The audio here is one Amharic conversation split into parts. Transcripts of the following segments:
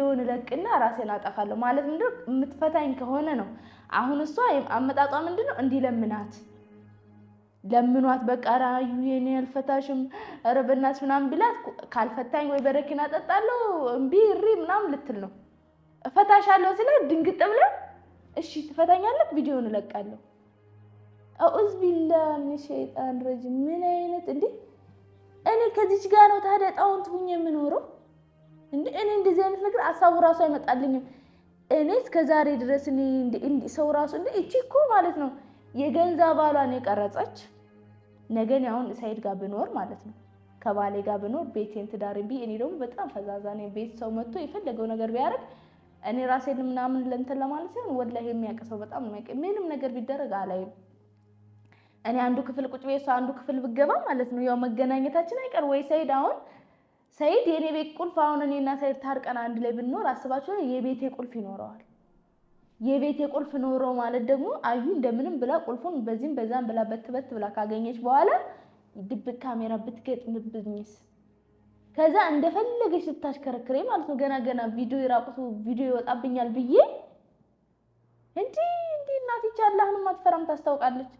ቪዲዮውን እለቅና ራሴን አጠፋለሁ ማለት ምንድነው? የምትፈታኝ ከሆነ ነው። አሁን እሷ አመጣጧ ነው? እንዲህ ለምናት ለምኗት በቃ ራዩ የኔ አልፈታሽም፣ ኧረ በእናትሽ ምናምን ቢላት ካልፈታኝ ወይ በረኪና ጠጣለሁ እምቢ እሪ ምናምን ልትል ነው። እፈታሻለሁ ስለ ድንግጥ ብለ እሺ ትፈታኛለህ፣ ቪዲዮን እለቃለሁ። አኡዝ ቢላ ምን ሸይጣን ረጅም ምን አይነት እንዴ! እኔ ከዚች ጋር ነው ታዲያ ጣውንት ሁኜ የምኖረው እኔ እንደዚህ አይነት ነገር አሳቡ ራሱ አይመጣልኝም። እኔ እስከዛሬ ድረስ ሰው ራሱ እንደ እቺ እኮ ማለት ነው የገንዛ ባሏን የቀረጸች ነገን አሁን ሳይድ ጋር ብኖር ማለት ነው ከባሌ ጋር ብኖር ቤቴን ትዳር ቢ እኔ ደግሞ በጣም ፈዛዛ ነኝ። ቤት ሰው መጥቶ የፈለገው ነገር ቢያደርግ እኔ ራሴን ምናምን ለእንትን ለማለት ሲሆን ወላሂ ሰው በጣም ነው ምንም ነገር ቢደረግ አላይም። እኔ አንዱ ክፍል ቁጭ ቤት እሷ አንዱ ክፍል ብገባ ማለት ነው ያው መገናኘታችን አይቀር ወይ ሰይድ አሁን ሰይድ የኔ ቤት ቁልፍ አሁን እኔና ሰይድ ታርቀን አንድ ላይ ብንኖር አስባቸው የቤቴ ቁልፍ ይኖረዋል። የቤቴ ቁልፍ ኖሮ ማለት ደግሞ አዩ እንደምንም ብላ ቁልፉን በዚህም በዛም ብላ በትበት ብላ ካገኘች በኋላ ድብቅ ካሜራ ብትገጥምብኝስ? ከዛ እንደፈለገች ስታሽከረክሬ ማለት ነው። ገና ገና ቪዲዮ የራቁቱ ቪዲዮ ይወጣብኛል ብዬ እንዲህ እንዲህ እናትቻ አላህንም አትፈራም ታስታውቃለች።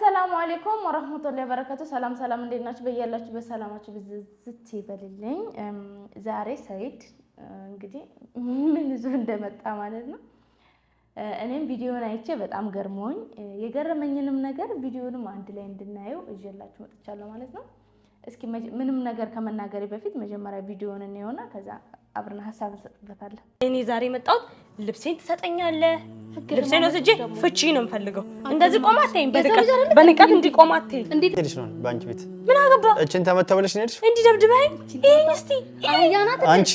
አሰላሙ አሌይኩም ወረህመቱላሂ በረከቱ። ሰላም ሰላም፣ እንዴት ናችሁ? በያላችሁ በሰላማችሁ ብዝት ይበልልኝ። ዛሬ ሰይድ እንግዲህ ምን ይዞ እንደመጣ ማለት ነው። እኔም ቪዲዮን አይቼ በጣም ገርሞኝ የገረመኝንም ነገር ቪዲዮንም አንድ ላይ እንድናየው እዤላችሁ መጥቻለሁ ማለት ነው። እስኪ ምንም ነገር ከመናገሬ በፊት መጀመሪያ ቪዲዮን እንየውና ከዛ አብረን ሀሳብ እንሰጥበታለን። እኔ ዛሬ የመጣሁት ልብሴን ትሰጠኛለህ። ልብሴን ወስጄ ፍቺ ነው የምፈልገው። እንደዚህ ቆማ አትይም፣ በንቀት እንዲህ ቆማ አትይም። እንዴት ሄድሽ ነው? በአንቺ ቤት ምን አገባ? እችን ተመታ ብለሽ ነው ሄድሽ? እንዲህ ደብድበኸኝ? ይሄን እስቲ አንቺ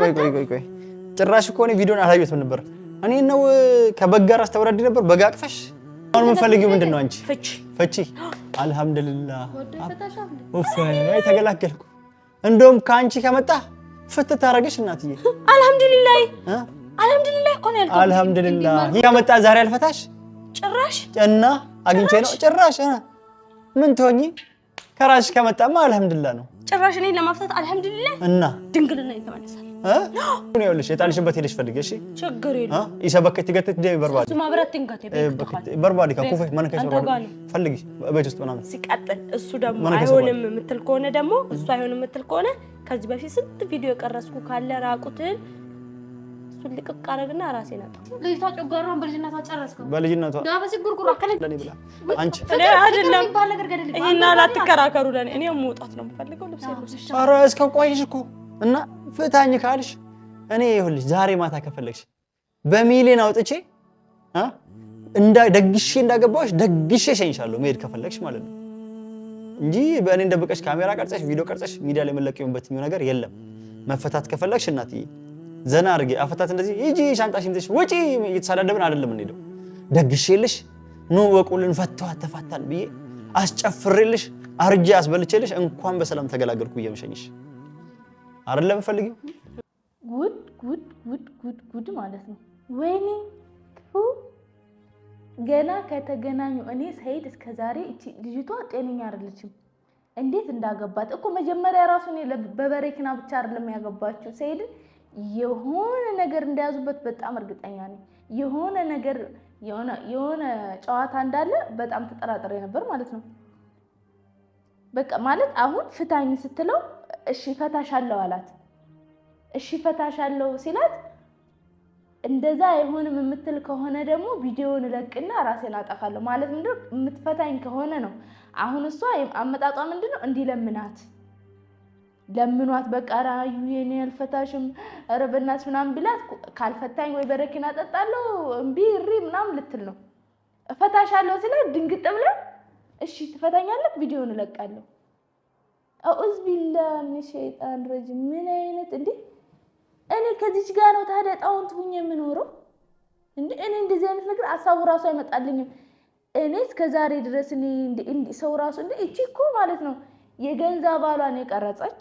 ቆይ ቆይ ቆይ ቆይ፣ ጭራሽ እኮ እኔ ቪዲዮን አላየሁትም ነበር። እኔ ነው ከበግ ጋር አስተወራድ ነበር። በግ አቅፈሽ አሁን የምንፈልጊው ምንድን ነው? አንቺ ፍቺ ፍቺ። አልሐምዱሊላህ ኡፍ፣ ተገላገልኩ። እንደውም ከአንቺ ከመጣ ፍትህ ታደርገሽ እናትዬ። አልሐምዱሊላህ አልሐምዱሊላህ እኮ ነው ያልኩት። አልሐምዱሊላህ ይሄ ዛሬ አልፈታሽ ጭራሽ እና አግኝቼ ነው ጭራሽ ምን ትሆኚ ከራስሽ ከመጣማ አልሐምዱሊላህ ነው። ጭራሽ እኔ ለማፍታት አልሐምዱሊላህ እና ድንግልና ይተመለሳል እ ይኸውልሽ የጣልሽበት ሄደሽ ፈልጊ። እሺ ችግር የለም። ይሰበከ ትገትት ደይ በርባዲ እሱማ ብረት ትንገት በርባዲ ከኩፈ መንከሽ በርባዲ ፈልጊ ቤት ውስጥ ምናምን ሲቀጥል እሱ ደግሞ አይሆንም የምትል ከሆነ ደግሞ እሱ አይሆንም የምትል ከሆነ ከዚህ በፊት ስንት ቪዲዮ የቀረስኩ ካለ ራቁትን እሱን ልቅቅ አደረግና ራሴ ነበር። ልጅቷ ጨጓሯን በልጅነቷ ጨረስከው። በልጅነቷ አላትከራከሩ። ለእኔ እኔ መውጣት ነው የምፈልገው። ልብስ ኧረ እስከ ቆይሽ እኮ እና ፍታኝ ካልሽ እኔ ይኸውልሽ፣ ዛሬ ማታ ከፈለግሽ በሚሊዮን አውጥቼ እንዳ ደግሼ እንዳገባሽ ደግሼ እሸኝሻለሁ። መሄድ ከፈለግሽ ማለት ነው እንጂ በእኔ እንደብቀሽ ካሜራ ቀርጸሽ ቪዲዮ ቀርጸሽ ሚዲያ ላይ መለቀቅ የሆንበት ነገር የለም። መፈታት ከፈለግሽ እናትዬ ዘና አድርጌ አፈታት እንደዚህ ሂጂ ሻንጣሽን ይዘሽ ውጪ እየተሳዳደብን አይደለም እንሄደው። ደግሼልሽ ኑ ወቁልን ፈተዋት ተፋታን ብዬ አስጨፍሬልሽ አርጄ አስበልቼልሽ እንኳን በሰላም ተገላገልኩ ብዬ መሸኝሽ አይደለም ፈልጊ ጉድ ጉድ ጉድ ጉድ ጉድ ማለት ነው። ወይኔ ገና ከተገናኙ እኔ ሰይድ እስከዛሬ እቺ ልጅቷ ጤነኛ አይደለችም። እንዴት እንዳገባት እኮ መጀመሪያ ራሱ በበሬ በበሬክና ብቻ አይደለም ያገባችው ሰይድን የሆነ ነገር እንደያዙበት በጣም እርግጠኛ ነኝ። የሆነ ነገር የሆነ ጨዋታ እንዳለ በጣም ተጠራጥሬ ነበር ማለት ነው። በቃ ማለት አሁን ፍታኝ ስትለው እሺ ፈታሻለሁ አላት። እሺ ፈታሻለሁ ሲላት እንደዛ አይሆንም የምትል ከሆነ ደግሞ ቪዲዮውን እለቅና ራሴን አጠፋለሁ ማለት ምንድን ነው የምትፈታኝ ከሆነ ነው። አሁን እሷ አመጣጧ ምንድን ነው እንዲለምናት ለምኗት በቃ ራዩ የኔ አልፈታሽም፣ ኧረ በእናትሽ ምናምን ብላት ካልፈታኝ ወይ በረኪና ጠጣለሁ እምቢ እሪ ምናምን ልትል ነው። እፈታሻለሁ ስለ ድንግጥ ብለ እሺ ትፈታኛለህ፣ ቪዲዮውን እለቃለሁ። አኡዝ ቢላህ ሚን ሸይጣን ረጅም ምን አይነት እንዴ! እኔ ከዚች ጋር ነው ታዲያ ጣውንት ሁኜ የምኖረው እንዴ? እኔ እንደዚህ አይነት ነገር አሳቡ ራሱ አይመጣልኝም። እኔ እስከ ዛሬ ድረስ እኔ ሰው ራሱ እንዴ እቺ እኮ ማለት ነው የገንዛ ባሏን የቀረጸች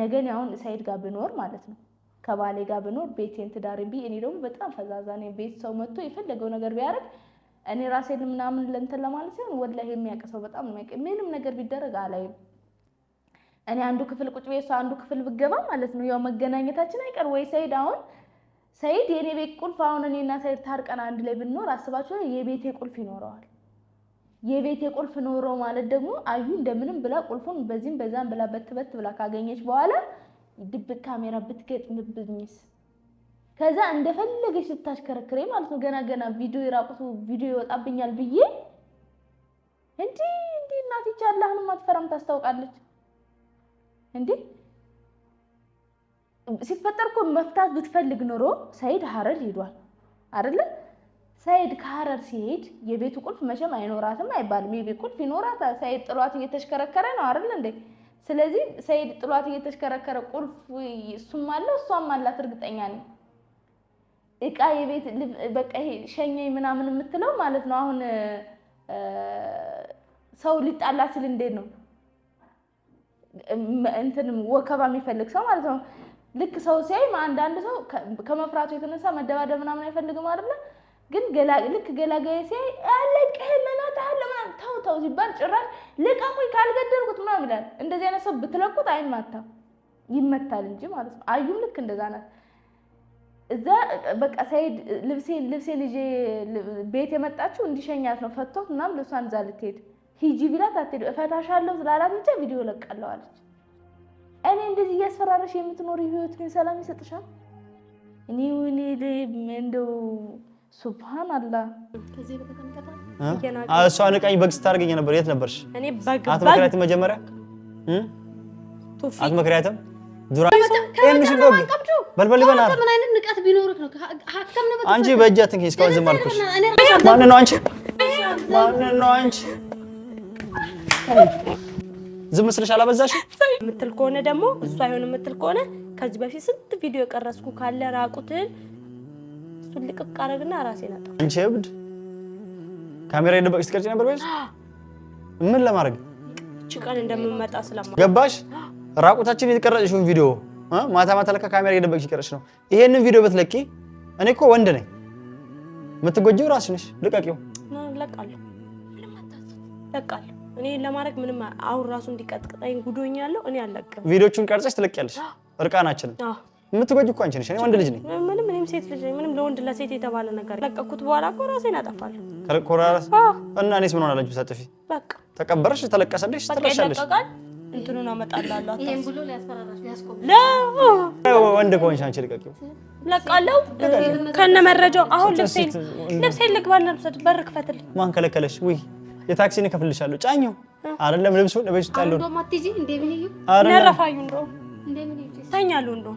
ነገን ያሁን ሰይድ ጋር ብኖር ማለት ነው ከባሌ ጋር ብኖር ቤቴን ትዳሬን ቢ እኔ ደግሞ በጣም ፈዛዛ ነኝ። ቤት ሰው መጥቶ የፈለገው ነገር ቢያደርግ እኔ ራሴን ምናምን ለንተን ለማለት ሲሆን ወላሂ የሚያውቅ ሰው በጣም ነው የሚያውቅ። ምንም ነገር ቢደረግ አላይም። እኔ አንዱ ክፍል ቁጭ ቤት ሰው አንዱ ክፍል ብገባ ማለት ነው ያው መገናኘታችን አይቀር ወይ ሰይድ አሁን ሰይድ የእኔ ቤት ቁልፍ አሁን እኔና ሰይድ ታርቀን አንድ ላይ ብንኖር አስባችሁ የቤቴ ቁልፍ ይኖረዋል የቤት የቁልፍ ኖሮ ማለት ደግሞ አዩ እንደምንም ብላ ቁልፉን በዚህም በዛም ብላ በትበት ብላ ካገኘች በኋላ ድብቅ ካሜራ ብትገጥምብኝስ? ከዛ እንደፈለገች ስታሽከረክሬ ማለት ነው። ገና ገና ቪዲዮ የራቁቱ ቪዲዮ ይወጣብኛል ብዬ እንዲ እንዲ እናት ይቻለ አሁንም አትፈራም ታስታውቃለች። እንዲ ሲፈጠር እኮ መፍታት ብትፈልግ ኖሮ ሰይድ ሀረር ሄዷል አይደለም ሰኢድ ከሀረር ሲሄድ የቤቱ ቁልፍ መቼም አይኖራትም አይባልም። የቤት ቁልፍ ይኖራታል። ሰኢድ ጥሏት እየተሽከረከረ ነው አይደል እንዴ? ስለዚህ ሰኢድ ጥሏት እየተሽከረከረ ቁልፍ እሱም አለ እሷም አላት። እርግጠኛ ነኝ እቃ የቤት በቃ ይሄ ሸኘኝ ምናምን የምትለው ማለት ነው። አሁን ሰው ሊጣላ ሲል እንዴት ነው እንትንም ወከባ የሚፈልግ ሰው ማለት ነው። ልክ ሰው ሲያይ አንዳንድ ሰው ከመፍራቱ የተነሳ መደባደብ ምናምን አይፈልግም አይደለ? ግን ልክ ገላጋይ ሲያይ አለቅህ መናታለ ምናምን ተው ተው ሲባል ጭራሽ ልቀቁኝ ካልገደልኩት ምናምን ይላል። እንደዚህ አይነት ሰው ብትለቁት አይማታም ይመታል እንጂ ማለት ነው። አዩም ልክ እንደዛ ናት። እዛ በቃ ሰይድ ልብሴ ልጄ ቤት የመጣችው እንዲሸኛት ነው ፈቶት ምናምን ልብሷን እዛ ልትሄድ ሂጂ ቢላት አትሄዱ እፈታሻለሁ ስላላት ብቻ ቪዲዮ ለቃለዋለች። እኔ እንደዚህ እያስፈራረሽ የምትኖር ህይወት ሰላም ይሰጥሻል? እኔ እንደው ሱብሃን አላህ እሷ ንቃኝ በግ ስታደርገኝ ነበር። የት ነበርሽ? አትመክሪያትም? መጀመሪያ አትመክሪያትም? አንቺ በእጅ አትንኪኝ። እስካሁን ዝም አልኩሽ። ማንን ነው አንቺ? ማንን ነው አንቺ? ዝም ስልሽ አላበዛሽም የምትል ከሆነ ደግሞ እሷ አይሆን የምትል ከሆነ ከዚህ በፊት ስንት ቪዲዮ የቀረስኩ ካለ ራቁትን እሱን ልቅቅ አደረግና ራሴን አጣሁ። አንቺ እብድ ካሜራ የደበቅሽ ስትቀርጪ ነበር ቤት ምን ለማድረግ እቺ ቀን እንደምመጣ ስለማ ገባሽ? ራቁታችን የተቀረጽሽውን ቪዲዮ ማታ ማታ ለካ ካሜራ የደበቅሽ ቀረጽሽ ነው። ይሄንን ቪዲዮ ብትለቂ እኔ እኮ ወንድ ነኝ፣ የምትጎጂው ራስሽ ነሽ። ልቀቂው። ለቃለሁ ለቃለሁ። እኔ ለማድረግ ምንም አሁን ራሱ እንዲቀጥቅጠኝ ጉዶኛለሁ። እኔ አልለቅም። ቪዲዮቹን ቀርጸሽ ትለቂያለሽ አዎ የምትጎጂ እኮ አንቺ ነሽ። እኔ ወንድ ልጅ ነኝ። ምንም እኔም ሴት ልጅ ነኝ። ምንም ለወንድ ለሴት የተባለ ነገር ለቀኩት በኋላ እኮ ራሴን አጠፋለሁ። ከለቀኩ ራስ እና እኔስ ምን ሆናለች? ብታጠፊ በቃ ተቀበረሽ፣ ተለቀሰልሽ፣ ትረሻለሽ። እንትኑን አመጣልሃለሁ። ይሄን ብሎ ሊያስፈራራሽ ሊያስቆም ወንድ ከሆንሽ አንቺ ልቀቂ። ለቃለው ከነ መረጃው አሁን ልብሴን ልብሴን ልግባ ልብሰድ። በር ክፈትልኝ። ማን ከለከለሽ? ውይ የታክሲን እከፍልሻለሁ። ጫኘው አይደለም ልብሱን እቤት ውስጥ ያለውን ነረፋዩ እንደውም ተኛለሁ እንደውም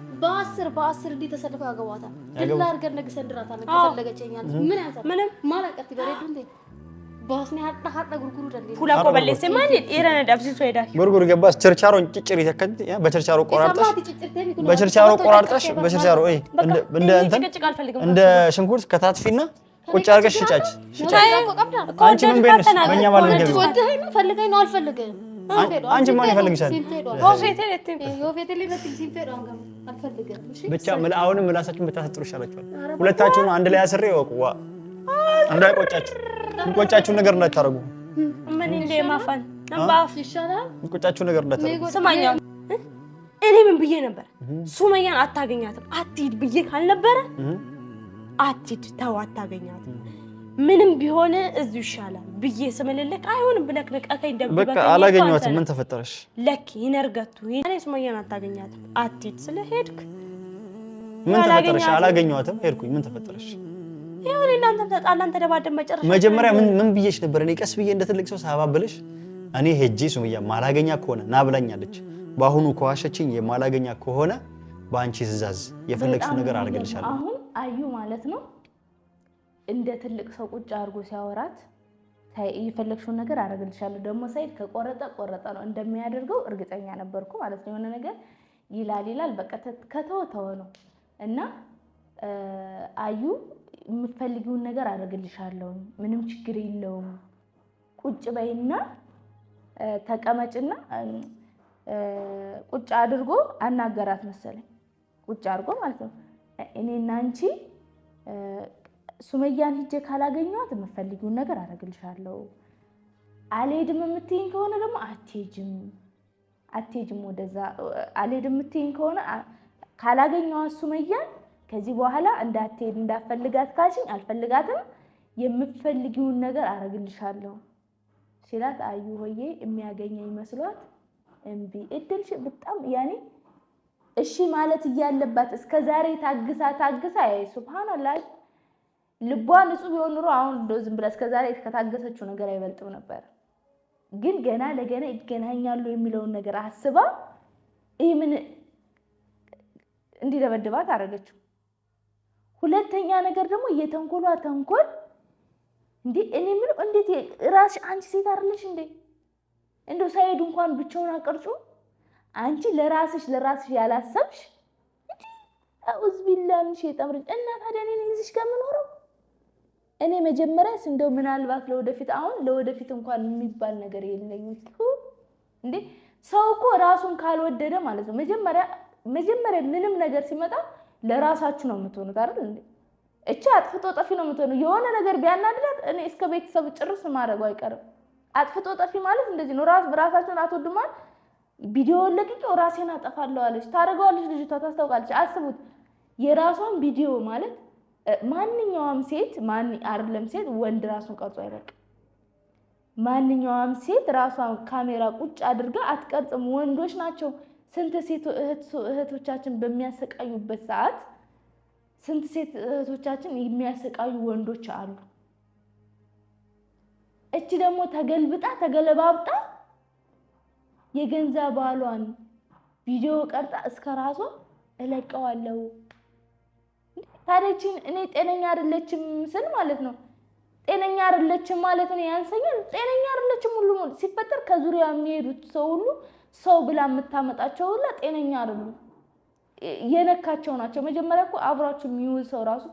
በአስር በአስር እንዲህ ተሰልፈው ያገቧታል። ድላ አድርገን ነግሰን ድራታለን። ከፈለገችኝ ምን ያንሳል? ምንም ማላቀት በሬዱ እንዴ ጉርጉር ገባስ ችርቻሮን ጭጭር ይተከን በችርቻሮ ቆራርጠሽ በችርቻሮ ቆራርጠሽ በችርቻሮ እንደ እንትን እንደ ሽንኩርት ከታትፊና ቁጭ አድርገሽ ሽጫች ሽጫች። አንቺ ምን ቤት ነሽ? በእኛ ባለ ገቢ ፈልገኝ ነው አልፈልገኝ አንቺ ማን ይፈልግሻል? ብቻ አሁንም ምላሳችሁን ብታሰጥሩ ይሻላችኋል። ሁለታችሁ አንድ ላይ አስሬ እወቁ፣ እንዳይቆጫችሁ። እንቆጫችሁ ነገር እንዳታረጉ። ምን እንደ ማፋን የሚቆጫችሁ ነገር እንዳታረጉ። ስማኛ፣ እኔ ምን ብዬ ነበር? ሱመያን አታገኛትም አትሂድ ብዬ ካልነበረ አትሂድ፣ ተው አታገኛትም ምንም ቢሆን እዚሁ ይሻላል ብዬ ስምልልክ አይሆንም ብለክ ንቀከኝ በቃ አላገኘኋትም። ምን ተፈጠረሽ? ለክ ይነርገቱ እኔ ሱመያን አታገኛትም አትሂድ ስለሄድክ ምን ተፈጠረሽ? አላገኘኋትም ሄድኩኝ። ምን ተፈጠረሽ? ይሁን እናንተም ተጣላን፣ ተደባደብ። መጨረሻ መጀመሪያ ምን ብዬሽ ነበር? እኔ ቀስ ብዬ እንደ ትልቅ ሰው ሳባብልሽ እኔ ሄጄ ሱመያ ማላገኛ ከሆነ ና ብላኛለች። በአሁኑ ከዋሸችኝ የማላገኛ ከሆነ በአንቺ ትእዛዝ የፈለግሽው ነገር አድርግልሻለሁ። አሁን አዩ ማለት ነው እንደ ትልቅ ሰው ቁጭ አድርጎ ሲያወራት የፈለግሽውን ነገር አደርግልሻለሁ። ደግሞ ሳይት ከቆረጠ ቆረጠ ነው እንደሚያደርገው እርግጠኛ ነበርኩ ማለት ነው። የሆነ ነገር ይላል ይላል፣ በቃ ከተወ ተወ ነው እና አዩ የምትፈልጊውን ነገር አደርግልሻለሁ፣ ምንም ችግር የለውም፣ ቁጭ በይና ተቀመጭና ቁጭ አድርጎ አናገራት መሰለኝ። ቁጭ አድርጎ ማለት ነው እኔና አንቺ ሱመያን ሂጄ ካላገኘኋት የምፈልጊውን ነገር አደርግልሻለሁ። አልሄድም የምትይኝ ከሆነ ደግሞ አትሄጂም፣ አትሄጂም ወደዛ አልሄድም የምትይኝ ከሆነ ካላገኘኋት ሱመያን ከዚህ በኋላ እንዳትሄድ እንዳፈልጋት ካልሽኝ አልፈልጋትም፣ የምፈልጊውን ነገር አደርግልሻለሁ ሲላት አዩ ሆዬ የሚያገኘኝ መስሏት እምቢ እድልሽ በጣም ያኔ እሺ ማለት እያለባት እስከ ዛሬ ታግሳ ታግሳ ሱብሃንአላህ ልቧ ንጹህ ቢሆን ኑሮ አሁን ዝም ብላ እስከዛሬ ከታገሰችው ነገር አይበልጥም ነበር። ግን ገና ለገና ይገናኛሉ የሚለውን ነገር አስባ ይህ ምን እንዲደበድባት አደረገችው። ሁለተኛ ነገር ደግሞ የተንኮሏ ተንኮል እንዲ እኔ ምን እንዴት ራስሽ አንቺ ሴት አይደለሽ እንዴ? እንደ ሳይሄድ እንኳን ብቻውን አቀርጩ አንቺ ለራስሽ ለራስሽ ያላሰብሽ አውዝ ቢላን ሸይጣን እና ታዲያ እኔ እዚህ ከምኖረው እኔ መጀመሪያስ እንደው ምናልባት ለወደፊት አሁን ለወደፊት እንኳን የሚባል ነገር የለኝም። እንዴ ሰው እኮ ራሱን ካልወደደ ማለት ነው። መጀመሪያ መጀመሪያ ምንም ነገር ሲመጣ ለራሳችሁ ነው የምትሆኑት አይደል እንዴ? እቺ አጥፍቶ ጠፊ ነው የምትሆኑ። የሆነ ነገር ቢያናድላት እኔ እስከ ቤተሰብ ጭርስ ማድረጉ አይቀርም። አጥፍቶ ጠፊ ማለት እንደዚህ ነው። ራስ ራሳችሁን አትወድማል። ቪዲዮ ለቅቄው ራሴን አጠፋለሁ አለች፣ ታደርገዋለች። ልጅቷ ታስታውቃለች። አስቡት የራሷን ቪዲዮ ማለት ማንኛውም ሴት አይደለም ሴት ወንድ ራሱን ቀርጾ አይበቅ። ማንኛውም ሴት ራሷን ካሜራ ቁጭ አድርጋ አትቀርጽም። ወንዶች ናቸው ስንት ሴት እህቶቻችን በሚያሰቃዩበት ሰዓት ስንት ሴት እህቶቻችን የሚያሰቃዩ ወንዶች አሉ። እቺ ደግሞ ተገልብጣ ተገለባብጣ የገንዘብ ባሏን ቪዲዮ ቀርጣ እስከ ራሷ እለቀዋለሁ ታዲያችን እኔ ጤነኛ አይደለችም ስል ማለት ነው። ጤነኛ አይደለችም ማለት ነው ያንሰኛል። ጤነኛ አይደለችም ሁሉ ሲፈጠር ከዙሪያ የሚሄዱት ሰው ሁሉ ሰው ብላ የምታመጣቸው ሁላ ጤነኛ አይደሉም፣ የነካቸው ናቸው። መጀመሪያ እኮ አብሯችሁ የሚውል ሰው ራሱ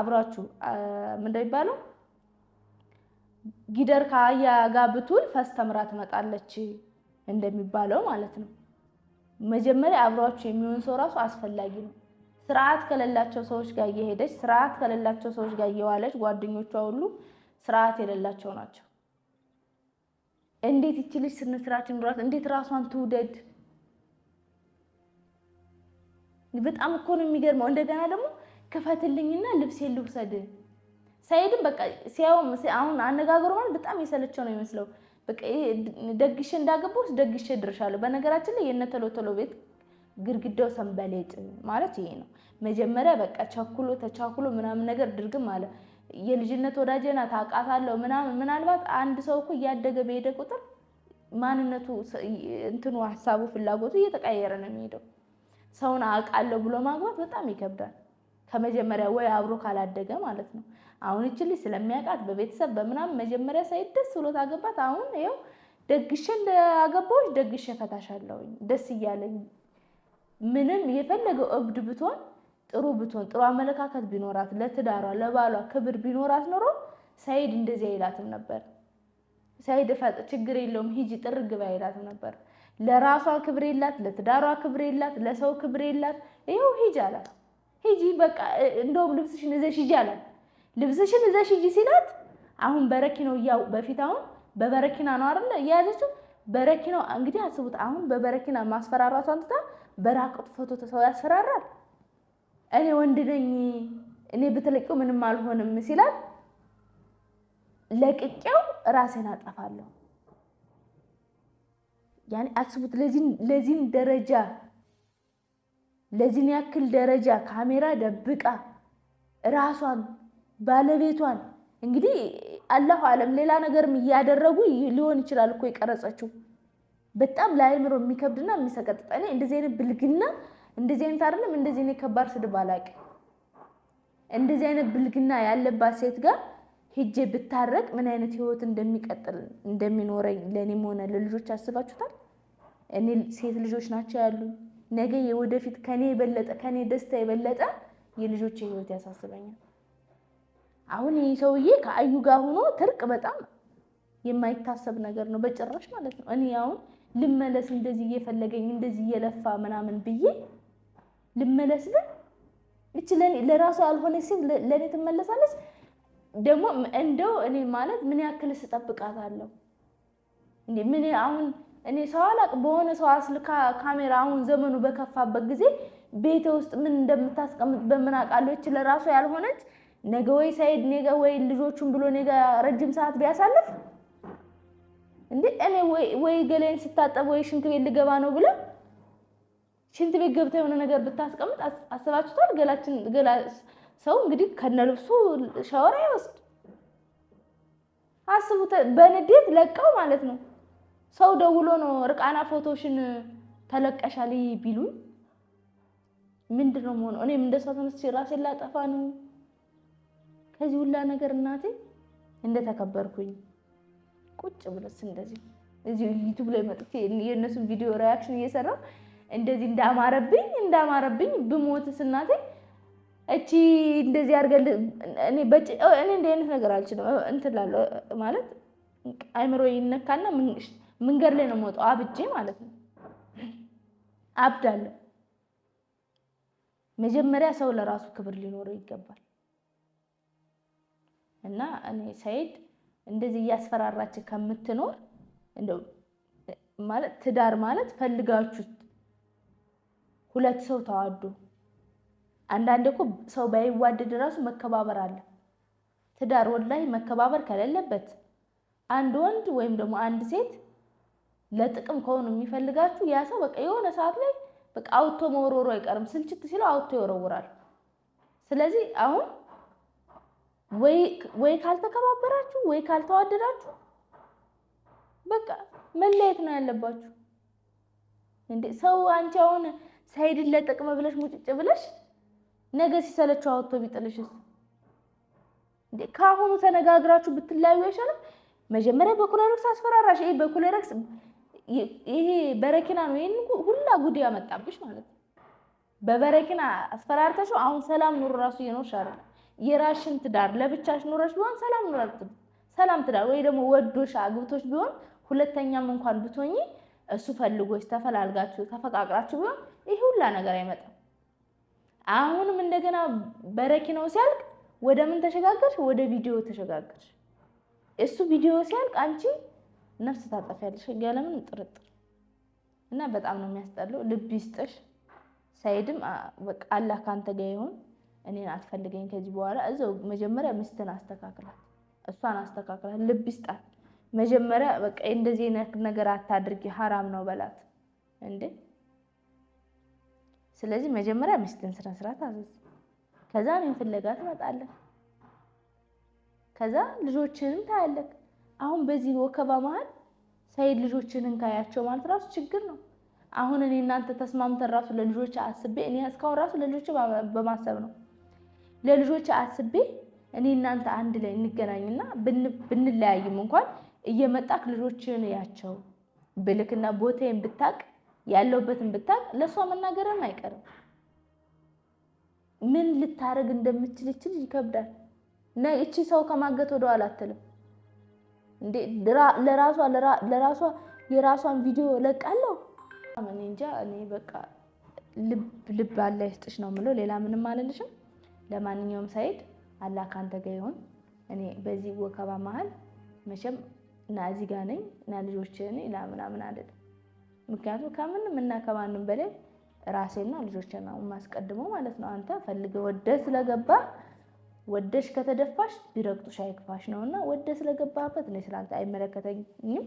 አብሯችሁ ምንድን ነው ጊደር ከአህያ ጋር ብትውል ፈስ ተምራ ትመጣለች እንደሚባለው ማለት ነው። መጀመሪያ አብሯችሁ የሚሆን ሰው ራሱ አስፈላጊ ነው። ስርዓት ከሌላቸው ሰዎች ጋር እየሄደች ስርዓት ከሌላቸው ሰዎች ጋር እየዋለች ጓደኞቿ ሁሉ ስርዓት የሌላቸው ናቸው። እንዴት ይችልሽ ስነ ስርዓት ይኑራት? እንዴት ራሷን ትውደድ? በጣም እኮ ነው የሚገርመው። እንደገና ደግሞ ክፈትልኝና ልብሴ ልውሰድ። ሰይድም በቃ ሲያውም አሁን አነጋገሩ ማለት በጣም የሰለቸው ነው የሚመስለው። በቃ ደግሼ እንዳገባሁ ደግሼ ድርሻለሁ። በነገራችን ላይ የነ ተሎ ተሎ ቤት ግድግዳው ሰንበሌጥ ማለት ይሄ ነው። መጀመሪያ በቃ ቸኩሎ ተቻኩሎ ምናምን ነገር ድርግም አለ። የልጅነት ወዳጄ ናት ምናምን። ምናልባት አንድ ሰው እኮ እያደገ በሄደ ቁጥር ማንነቱ እንትኑ ሀሳቡ፣ ፍላጎቱ እየተቀየረ ነው የሚሄደው። ሰውን አውቃለሁ ብሎ ማግባት በጣም ይከብዳል። ከመጀመሪያ ወይ አብሮ ካላደገ ማለት ነው። አሁን ይቺ ልጅ ስለሚያውቃት በቤተሰብ በምናምን መጀመሪያ ሳይት ደስ ብሎት አገባት። አሁን ይኸው ደግሼ እንዳገባሁሽ ደግሼ ፈታሻለሁኝ ደስ እያለኝ ምንም የፈለገው እብድ ብትሆን ጥሩ ብትሆን ጥሩ አመለካከት ቢኖራት ለትዳሯ ለባሏ ክብር ቢኖራት ኖሮ ሳይድ እንደዚህ አይላትም ነበር። ሳይድ ፈጥ ችግር የለውም ሂጂ ጥርግ በይ አይላትም ነበር። ለራሷ ክብር የላት፣ ለትዳሯ ክብር የላት፣ ለሰው ክብር የላት። ይኸው ሂጂ አላት። ሂጂ በቃ እንደውም ልብስሽን እዘሽ ሂጂ አላት። ልብስሽን እዘሽ ሂጂ ሲላት አሁን በረኪናው ያው በፊት አሁን በበረኪና ነው አይደል የያዘችው። በረኪናው እንግዲህ አስቡት። አሁን በበረኪና ማስፈራራቷን ትታ በራቁት ፎቶ ተሰው ያስፈራራል። እኔ ወንድ ነኝ እኔ ብትለቂው ምንም አልሆንም ሲላል ለቅቄው ራሴን አጠፋለሁ። ያኔ አስቡት፣ ለዚህን ደረጃ ለዚህን ያክል ደረጃ ካሜራ ደብቃ ራሷን ባለቤቷን እንግዲህ አላሁ አለም ሌላ ነገርም እያደረጉ ሊሆን ይችላል እኮ የቀረጸችው በጣም ለአይምሮ የሚከብድና የሚሰቀጥጥ እኔ እንደዚህ አይነት ብልግና እንደዚህ አይነት አይደለም፣ እንደዚህ እኔ ከባድ ስድብ አላውቅም። እንደዚህ አይነት ብልግና ያለባት ሴት ጋር ሂጄ ብታረቅ ምን አይነት ህይወት እንደሚቀጥል እንደሚኖረኝ ለእኔም ሆነ ለልጆች አስባችሁታል? እኔ ሴት ልጆች ናቸው ያሉ ነገ የወደፊት ከኔ የበለጠ ከኔ ደስታ የበለጠ የልጆች ህይወት ያሳስበኛል። አሁን ይህ ሰውዬ ከአዩ ጋር ሆኖ ትርቅ በጣም የማይታሰብ ነገር ነው፣ በጭራሽ ማለት ነው እኔ አሁን ልመለስ እንደዚህ እየፈለገኝ እንደዚህ እየለፋ ምናምን ብዬ ልመለስ ግን እቺ ለራሱ አልሆነ ሲል ለእኔ ትመለሳለች። ደግሞ እንደው እኔ ማለት ምን ያክል ስጠብቃታለሁ? ምን አሁን እኔ ሰው አላቅ በሆነ ሰው አስልካ ካሜራ አሁን ዘመኑ በከፋበት ጊዜ ቤተ ውስጥ ምን እንደምታስቀምጥ በምን አውቃለሁ? እች ለራሱ ያልሆነች ነገ ወይ ሳይድ ነገ ወይ ልጆቹን ብሎ ነገ ረጅም ሰዓት ቢያሳልፍ እንዴ እኔ ወይ ገለን ስታጠብ ወይ ሽንት ቤት ልገባ ነው ብለ ሽንት ቤት ገብታ የሆነ ነገር ብታስቀምጥ አስባችሁታል? ገላችን ገላ ሰው እንግዲህ ከነልብሱ ሻወር አይወስድ። አስቡት፣ በንዴት ለቀው ማለት ነው። ሰው ደውሎ ነው እርቃና ፎቶሽን ተለቀሻል ቢሉኝ ምንድን ነው የምሆነው? እኔም እንደሷ ተነስቼ ራሴን ላጠፋ ነው። ከዚህ ሁላ ነገር እናቴ እንደተከበርኩኝ ቁጭ ብለስ እንደዚህ እዚህ ዩቲዩብ ላይ መጥቼ የእነሱን ቪዲዮ ሪያክሽን እየሰራው እንደዚህ እንዳማረብኝ እንዳማረብኝ ብሞትስ እናቴ እቺ እንደዚህ አድርገን እኔ እንዲህ አይነት ነገር አልችልም። እንትላለ ማለት አይምሮ ይነካና መንገድ ላይ ነው የምወጣው አብጄ ማለት ነው። አብዳለሁ። መጀመሪያ ሰው ለራሱ ክብር ሊኖረው ይገባል። እና እኔ ሰይድ እንደዚህ እያስፈራራች ከምትኖር እንደው ማለት ትዳር ማለት ፈልጋችሁት ሁለት ሰው ተዋዱ። አንዳንድ እኮ ሰው ባይዋደድ እራሱ መከባበር አለ። ትዳር ወላሂ መከባበር ከሌለበት አንድ ወንድ ወይም ደግሞ አንድ ሴት ለጥቅም ከሆኑ የሚፈልጋችሁ ያ ሰው በቃ የሆነ ሰዓት ላይ በቃ አውቶ መወርወሩ አይቀርም። ስልችት ሲለው አውቶ ይወረውራል። ስለዚህ አሁን ወይ ካልተከባበራችሁ ወይ ካልተዋደዳችሁ በቃ መለየት ነው ያለባችሁ። እንዴ ሰው አንቺ አሁን ሳይድን ለጥቅም ብለሽ ሙጭጭ ብለሽ ነገ ሲሰለችው አወጥቶ ቢጥልሽስ? እንዴ ከአሁኑ ተነጋግራችሁ ብትለያዩ አይሻልም? መጀመሪያ በኮሌረክስ አስፈራራሽ። ይሄ በኮሌረክስ ይሄ በረኪና ነው ይሄን ሁላ ጉድ ያመጣብሽ ማለት ነው። በበረኪና አስፈራርተሽው አሁን ሰላም ኑሮ ራሱ እየኖርሽ አይደለም የራሽን ትዳር ለብቻሽ ኑረሽ ቢሆን ሰላም ኑራ ሰላም ትዳር ወይ ደግሞ ወዶሽ አግብቶች ቢሆን ሁለተኛም እንኳን ብትሆኚ እሱ ፈልጎች ተፈላልጋችሁ ተፈቃቅራችሁ ቢሆን ይህ ሁላ ነገር አይመጣም። አሁንም እንደገና በረኪ ነው ሲያልቅ ወደ ምን ተሸጋገርሽ? ወደ ቪዲዮ ተሸጋገርሽ። እሱ ቪዲዮ ሲያልቅ አንቺ ነፍስ ታጠፊያለሽ ያለምን ጥርጥር እና በጣም ነው የሚያስጠላው። ልብ ይስጥሽ። ሳይድም በቃ አላህ ካንተ ጋር ይሁን። እኔን አትፈልገኝ ከዚህ በኋላ እዛው መጀመሪያ ሚስትን አስተካክላት፣ እሷን አስተካክላት፣ ልብ ይስጣት። መጀመሪያ በቃ እንደዚህ ነገር አታድርጊ፣ ሀራም ነው በላት እንዴ። ስለዚህ መጀመሪያ ሚስትን ስነ ስርዓት አዘዝ። ከዛ እኔን ፍለጋ ትመጣለህ፣ ከዛ ልጆችንም ታያለህ። አሁን በዚህ ወከባ መሀል ሰይድ ልጆችንን ካያቸው ማለት ራሱ ችግር ነው። አሁን እኔ እናንተ ተስማምተን ራሱ ለልጆች አስቤ እኔ እስካሁን ራሱ ለልጆች በማሰብ ነው ለልጆች አስቤ እኔ እናንተ አንድ ላይ እንገናኝና ብንለያይም እንኳን እየመጣክ ልጆችን ያቸው ብልክና ቦታዬን ብታቅ ያለውበትን ብታቅ ለእሷ መናገርን አይቀርም። ምን ልታደርግ እንደምችል ይችል ይከብዳል። እቺ ሰው ከማገት ወደኋላ አትልም። ለራሷ ለራሷ የራሷን ቪዲዮ ለቃለሁ። እኔ እንጃ። እኔ በቃ ልብ ልብ አለ ይስጥሽ ነው የምለው። ሌላ ምንም አልልሽም። ለማንኛውም ሳይድ አላህ ካንተ ጋር ይሁን። እኔ በዚህ ወከባ መሀል መቼም እና እዚህ ጋር ነኝ እና ልጆችን ምናምን አደለ። ምክንያቱም ከምንም እና ከማንም በላይ ራሴና ልጆችን ነው የማስቀድመው ማለት ነው። አንተ ፈልገ ወደ ስለገባ ወደሽ ከተደፋሽ ቢረግጡሽ አይክፋሽ ነውና ወደ ስለገባበት እኔ ስላንተ አይመለከተኝም።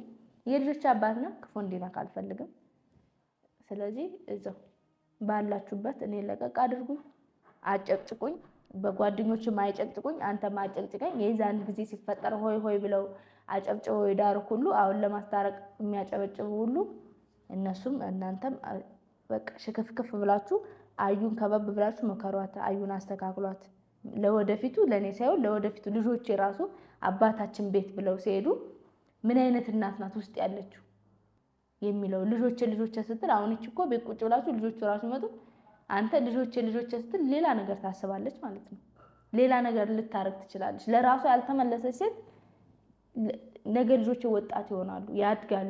የልጆች አባት ነው፣ ክፉ እንዲነካ አልፈልግም። ስለዚህ እዛው ባላችሁበት እኔ ለቀቅ አድርጉኝ። አጨቅጭቁኝ፣ በጓደኞች አጨቅጭቁኝ፣ አንተ አጨቅጭቀኝ። የዛን ጊዜ ሲፈጠር ሆይ ሆይ ብለው አጨብጭበው የዳሩክ ሁሉ አሁን ለማስታረቅ የሚያጨበጭቡ ሁሉ እነሱም እናንተም በቃ ሽክፍክፍ ብላችሁ አዩን ከበብ ብላችሁ መከሯት፣ አዩን አስተካክሏት። ለወደፊቱ ለእኔ ሳይሆን ለወደፊቱ ልጆች የራሱ አባታችን ቤት ብለው ሲሄዱ ምን አይነት እናት ናት ውስጥ ያለችው የሚለው ልጆች ልጆች ስትል አሁን እቺ እኮ ቤት ቁጭ ብላችሁ ልጆቹ ራሱ ይመጡ አንተ ልጆቼ ልጆቼ ስትል ሌላ ነገር ታስባለች ማለት ነው። ሌላ ነገር ልታረግ ትችላለች። ለራሷ ያልተመለሰች ሴት ነገ ልጆቼ ወጣት ይሆናሉ፣ ያድጋሉ፣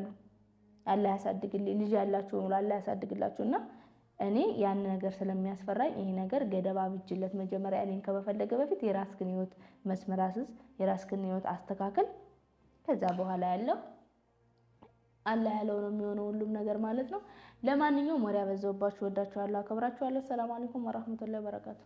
አላህ ያሳድግልኝ፣ ልጅ ያላችሁ ነው፣ አላህ ያሳድግላቸው እና እኔ ያን ነገር ስለሚያስፈራኝ ይሄ ነገር ገደባ ብጅለት መጀመሪያ እኔን ከመፈለገ በፊት የራስክን ህይወት መስመር አስዝ፣ የራስክን ህይወት አስተካከል። ከዛ በኋላ ያለው አላ ያለው ነው የሚሆነው ሁሉም ነገር ማለት ነው። ለማንኛውም ወሬ ያበዛውባችሁ፣ ወዳችኋለሁ፣ አከብራችኋለሁ። ሰላም አለይኩም ወራህመቱላሂ ወበረካቱ